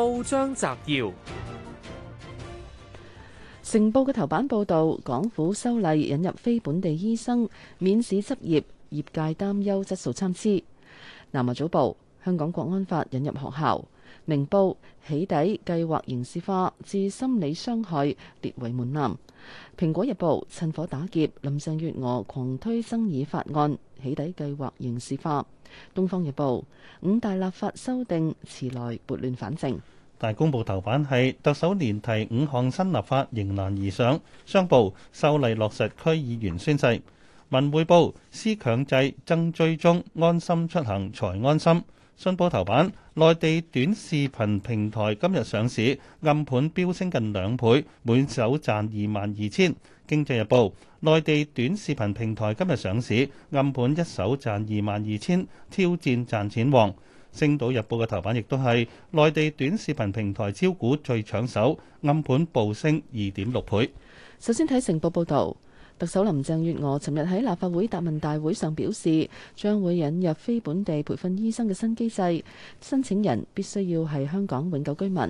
報章摘要：成報嘅頭版報道，港府修例引入非本地醫生免試執業，業界擔憂質素參差。南華早報：香港國安法引入學校。明報：起底計劃刑事化致心理傷害列為門檻。蘋果日報：趁火打劫，林鄭月娥狂推爭議法案，起底計劃刑事化。東方日報：五大立法修訂遲來撥亂反正。大公報頭版係特首連提五項新立法迎難而上，商報修例落實區議員宣誓，文匯報施強制增追蹤安心出行才安心，信報頭版內地短視頻平台今日上市暗盤飆升近兩倍，每手賺二萬二千，經濟日報內地短視頻平台今日上市暗盤一手賺二萬二千，挑戰賺錢王。星島日報嘅頭版亦都係內地短視頻平台招股最搶手，暗盤暴升二點六倍。首先睇成報報道，特首林鄭月娥尋日喺立法會答問大會上表示，將會引入非本地培訓醫生嘅新機制，申請人必須要係香港永久居民，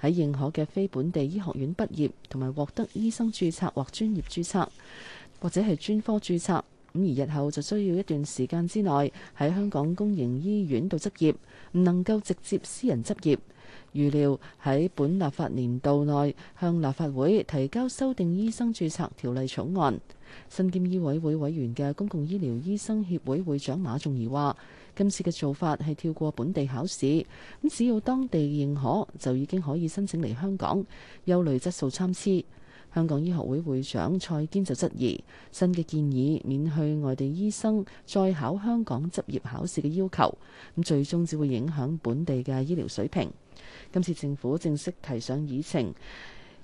喺認可嘅非本地醫學院畢業，同埋獲得醫生註冊或專業註冊，或者係專科註冊。咁而日後就需要一段時間之內喺香港公營醫院度執業，唔能夠直接私人執業。預料喺本立法年度內向立法會提交修訂醫生註冊條例草案。新兼醫委會委員嘅公共醫療醫生協會會長馬仲儀話：今次嘅做法係跳過本地考試，咁只要當地認可就已經可以申請嚟香港，憂慮質素參差。香港醫學會會長蔡堅就質疑新嘅建議免去外地醫生再考香港執業考試嘅要求，咁最終只會影響本地嘅醫療水平。今次政府正式提上議程。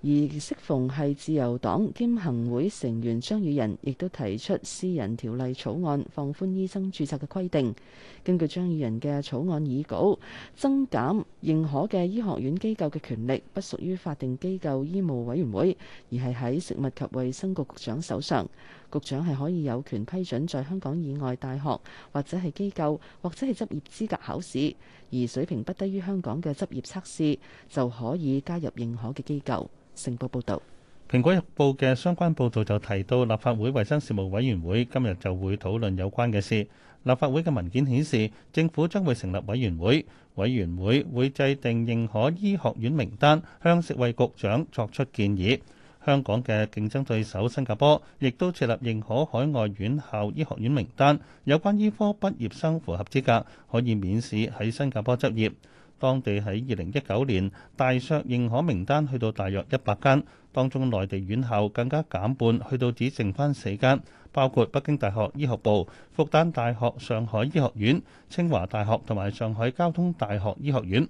而適逢係自由黨兼行會成員張宇人亦都提出私人條例草案，放寬醫生註冊嘅規定。根據張宇人嘅草案議稿，增減認可嘅醫學院機構嘅權力，不屬於法定機構醫務委員會，而係喺食物及衛生局局長手上。局長係可以有權批准在香港以外大學或者係機構或者係執業資格考試，而水平不低於香港嘅執業測試就可以加入認可嘅機構。成報報導，《蘋果日報》嘅相關報導就提到，立法會衞生事務委員會今日就會討論有關嘅事。立法會嘅文件顯示，政府將會成立委員會，委員會會制定認可醫學院名單，向食衛局長作出建議。香港嘅競爭對手新加坡，亦都設立認可海外院校醫學院名單，有關醫科畢業生符合資格，可以免試喺新加坡執業。當地喺二零一九年大削認可名單，去到大約一百間，當中內地院校更加減半，去到只剩返四間，包括北京大學醫學部、復旦大學上海醫學院、清華大學同埋上海交通大學醫學院。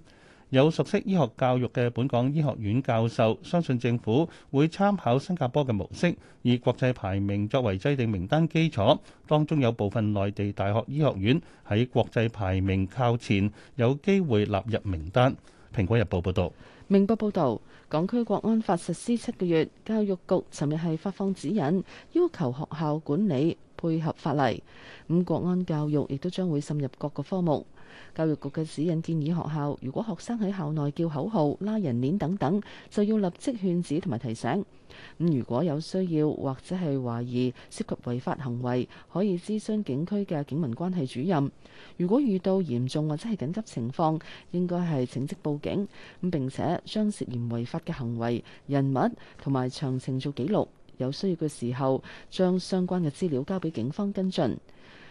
有熟悉醫學教育嘅本港醫學院教授，相信政府會參考新加坡嘅模式，以國際排名作為製定名單基礎，當中有部分內地大學醫學院喺國際排名靠前，有機會納入名單。蘋果日報報道。明報報道，港區國安法實施七個月，教育局尋日係發放指引，要求學校管理配合法例。咁國安教育亦都將會滲入各個科目。教育局嘅指引建議學校，如果學生喺校內叫口號、拉人鏈等等，就要立即勸止同埋提醒。咁如果有需要或者係懷疑涉及違法行為，可以諮詢警區嘅警民關係主任。如果遇到嚴重或者係緊急情況，應該係請即報警咁，並且將涉嫌違法嘅行為、人物同埋詳情做記錄。有需要嘅時候，將相關嘅資料交俾警方跟進。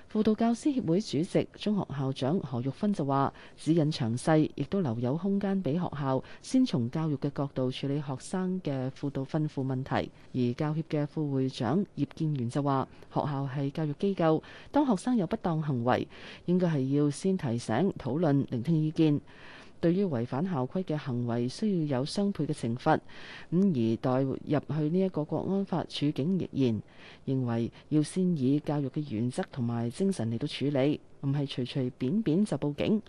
輔導教師協會主席、中學校長何玉芬就話：指引詳細，亦都留有空間俾學校先從教育嘅角度處理學生嘅輔導吩咐問題。而教協嘅副會長葉建源就話：學校係教育機構，當學生有不當行為，應該係要先提醒、討論、聆聽意見。對於違反校規嘅行為，需要有相配嘅懲罰。咁而代入去呢一個國安法處境，亦然認為要先以教育嘅原則同埋精神嚟到處理，唔係隨隨便便就報警。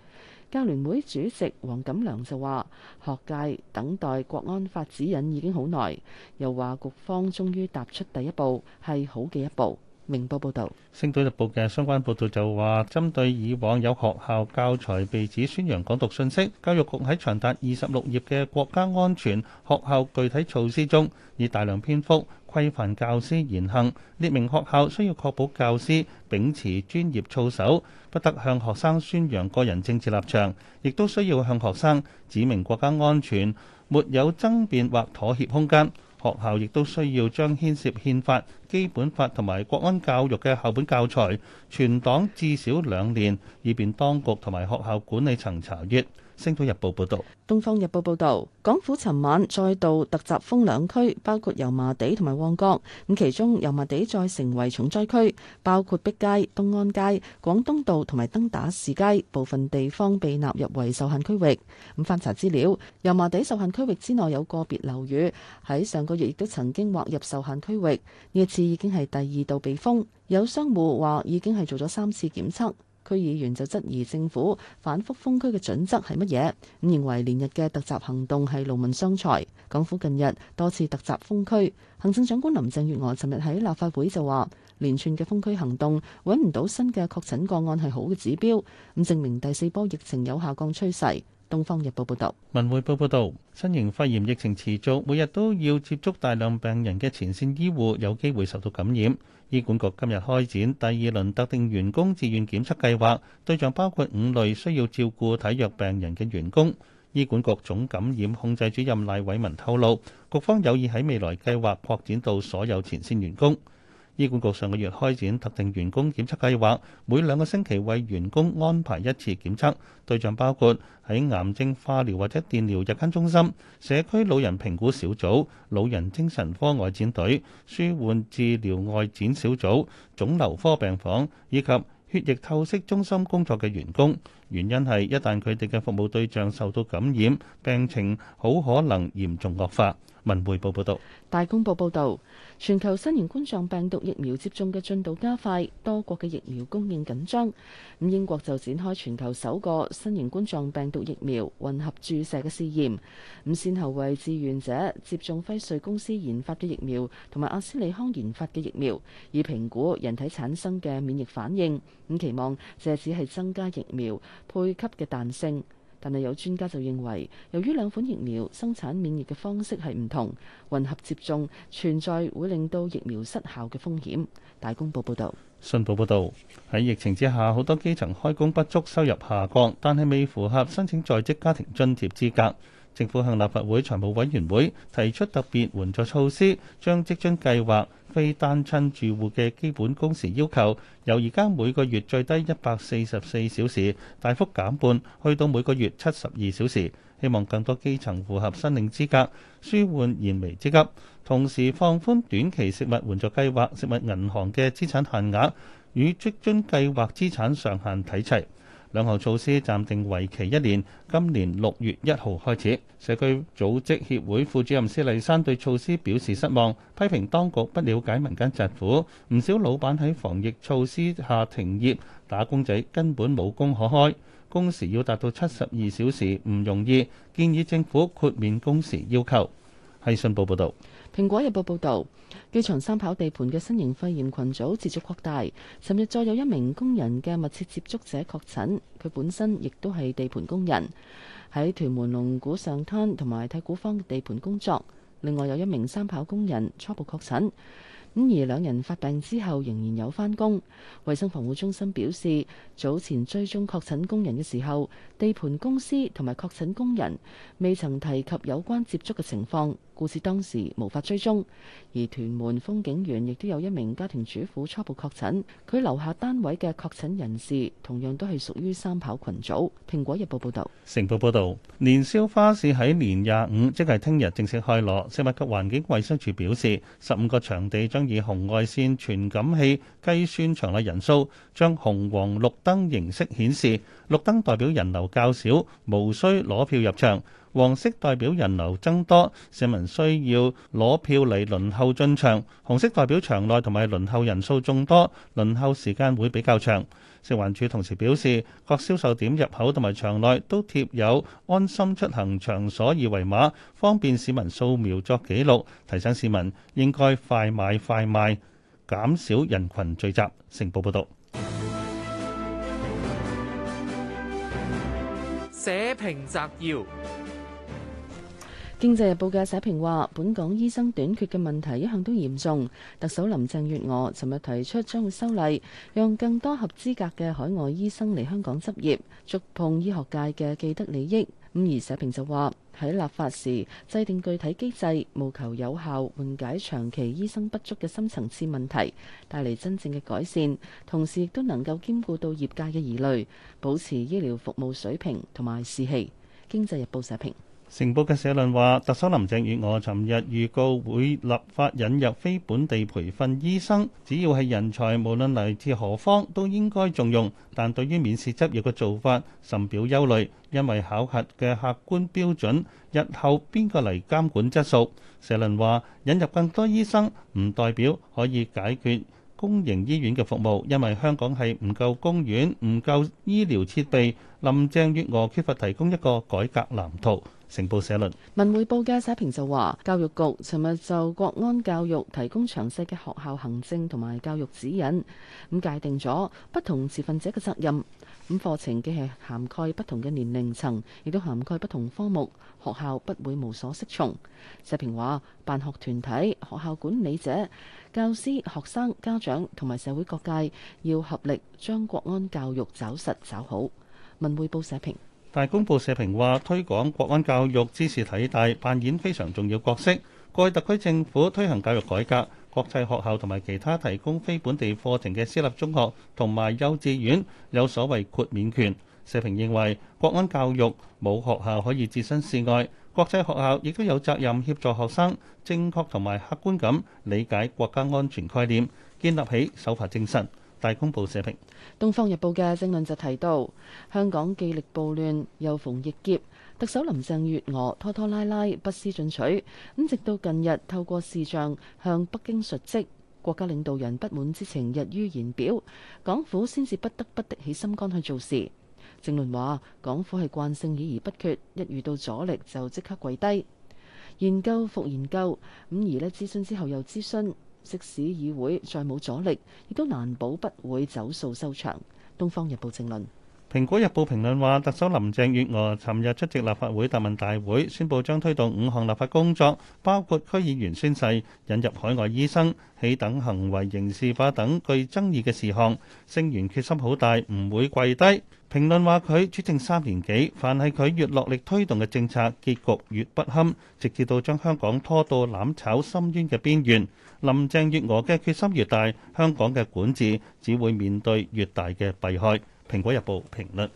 教聯會主席黃錦良就話：學界等待國安法指引已經好耐，又話局方終於踏出第一步，係好嘅一步。明報報導，《星島日報》嘅相關報導就話，針對以往有學校教材被指宣揚港獨信息，教育局喺長達二十六頁嘅國家安全學校具體措施中，以大量篇幅規範教師言行，列明學校需要確保教師秉持專業操守，不得向學生宣揚個人政治立場，亦都需要向學生指明國家安全，沒有爭辯或妥協空間。學校亦都需要將牽涉憲法、基本法同埋國安教育嘅校本教材，存檔至少兩年，以便當局同埋學校管理層查閱。《星島日報》報道，東方日報報道，港府尋晚再度突襲封兩區，包括油麻地同埋旺角。咁其中油麻地再成為重災區，包括碧街、東安街、廣東道同埋登打士街，部分地方被納入為受限區域。咁、嗯、翻查資料，油麻地受限區域之內有個別樓宇喺上個月亦都曾經劃入受限區域，呢一次已經係第二度被封。有商戶話已經係做咗三次檢測。區議員就質疑政府反覆封區嘅準則係乜嘢，咁認為連日嘅突襲行動係勞民傷財。港府近日多次突襲封區，行政長官林鄭月娥尋日喺立法會就話，連串嘅封區行動揾唔到新嘅確診個案係好嘅指標，咁證明第四波疫情有下降趨勢。《東方日報》報道，《文匯報》報道，新型肺炎疫情持續，每日都要接觸大量病人嘅前線醫護有機會受到感染。醫管局今日開展第二輪特定員工自願檢測計劃，對象包括五類需要照顧體弱病人嘅員工。醫管局總感染控制主任賴偉文透露，局方有意喺未來計劃擴展到所有前線員工。醫管局上個月開展特定員工檢測計劃，每兩個星期為員工安排一次檢測，對象包括喺癌症化療或者電療日間中心、社區老人評估小組、老人精神科外展隊、舒緩治療外展小組、腫瘤科病房以及血液透析中心工作嘅員工。原因係一旦佢哋嘅服務對象受到感染，病情好可能嚴重惡化。文匯報報道，大公報報道，全球新型冠狀病毒疫苗接種嘅進度加快，多國嘅疫苗供應緊張。咁英國就展開全球首個新型冠狀病毒疫苗混合注射嘅試驗。咁先後為志願者接種輝瑞公司研發嘅疫苗同埋阿斯利康研發嘅疫苗，以評估人體產生嘅免疫反應。咁期望借此係增加疫苗配給嘅彈性。但係有專家就認為，由於兩款疫苗生產免疫嘅方式係唔同，混合接種存在會令到疫苗失效嘅風險。大公報報道，信報報道，喺疫情之下，好多基層開工不足，收入下降，但係未符合申請在職家庭津貼資格。政府向立法會財務委員會提出特別援助措施，將積樽計劃，非單親住戶嘅基本工時要求，由而家每個月最低一百四十四小時大幅減半，去到每個月七十二小時，希望更多基層符合申領資格，舒緩燃眉之急。同時放寬短期食物援助計劃食物銀行嘅資產限額與職津計劃資產上限睇齊。兩項措施暫定為期一年，今年六月一號開始。社區組織協會副主任施麗珊對措施表示失望，批評當局不了解民間疾苦，唔少老闆喺防疫措施下停業，打工仔根本冇工可開，工時要達到七十二小時唔容易，建議政府豁免工時要求。《信報》報道，《蘋果日報》報道，機場三跑地盤嘅新型肺炎群組持續擴大。尋日再有一名工人嘅密切接觸者確診，佢本身亦都係地盤工人，喺屯門龍鼓上灘同埋太古坊嘅地盤工作。另外有一名三跑工人初步確診，咁而兩人發病之後仍然有翻工。衞生防護中心表示，早前追蹤確診工人嘅時候，地盤公司同埋確診工人未曾提及有關接觸嘅情況。故事當時無法追蹤，而屯門風景園亦都有一名家庭主婦初步確診，佢樓下單位嘅確診人士同樣都係屬於三跑群組。蘋果日報報導，成報報導，年宵花市喺年廿五，即係聽日正式開鑼。食物及環境衞生署表示，十五個場地將以紅外線傳感器計算場內人數，將紅黃綠燈形式顯示，綠燈代表人流較少，無需攞票入場。黃色代表人流增多，市民需要攞票嚟輪候進場。紅色代表場內同埋輪候人數眾多，輪候時間會比較長。食環署同時表示，各銷售點入口同埋場內都貼有安心出行場所二維碼，方便市民掃描作記錄，提醒市民應該快買快賣，減少人群聚集。成報報導。社評摘要。《經濟日報》嘅社評話：本港醫生短缺嘅問題一向都嚴重，特首林鄭月娥尋日提出將會修例，讓更多合資格嘅海外醫生嚟香港執業，觸碰醫學界嘅既得利益。咁而社評就話喺立法時制定具體機制，務求有效緩解長期醫生不足嘅深層次問題，帶嚟真正嘅改善，同時亦都能夠兼顧到業界嘅疑慮，保持醫療服務水平同埋士氣。《經濟日報》社評。《成報》嘅社論話，特首林鄭月娥尋日預告會立法引入非本地培訓醫生，只要係人才，無論嚟自何方，都應該重用。但對於免試執業嘅做法，甚表憂慮，因為考核嘅客觀標準，日後邊個嚟監管質素？社論話，引入更多醫生唔代表可以解決公營醫院嘅服務，因為香港係唔夠公院、唔夠醫療設備，林鄭月娥缺乏提供一個改革藍圖。成報社論。文匯報嘅社評就話，教育局尋日就國安教育提供詳細嘅學校行政同埋教育指引，咁界定咗不同持份者嘅責任。咁課程既係涵蓋不同嘅年齡層，亦都涵蓋不同科目，學校不會無所適從。社評話，辦學團體、學校管理者、教師、學生、家長同埋社會各界要合力將國安教育找實找好。文匯報社評，大公報社評話，推廣國安教育知識體大扮演非常重要角色。過去特區政府推行教育改革。國際學校同埋其他提供非本地課程嘅私立中學同埋幼稚園有所謂豁免權,社評認為國安教育冇學校可以置身事外,國際學校亦都有責任協助學生正確同埋客觀噉理解國家安全概念,建立起守法精神,大公報社評,東方日報嘅正論就提到,香港既力暴亂又逢疫劫特首林鄭月娥拖拖拉拉、不思進取，咁直到近日透過視像向北京述職，國家領導人不滿之情溢於言表，港府先至不得不的起心肝去做事。政論話港府係慣性議而不決，一遇到阻力就即刻跪低，研究復研究，咁而呢，諮詢之後又諮詢，即使議會再冇阻力，亦都難保不會走數收場。《東方日報》政論。蘋果日報評論話，特首林鄭月娥尋日出席立法會答問大會，宣布將推動五項立法工作，包括區議員宣誓、引入海外醫生、起等行為刑事化等具爭議嘅事項，聲援決心好大，唔會跪低。評論話，佢主政三年幾，凡係佢越落力推動嘅政策，結局越不堪，直接到將香港拖到攬炒深淵嘅邊緣。林鄭月娥嘅決心越大，香港嘅管治只會面對越大嘅弊害。蘋果日報評論。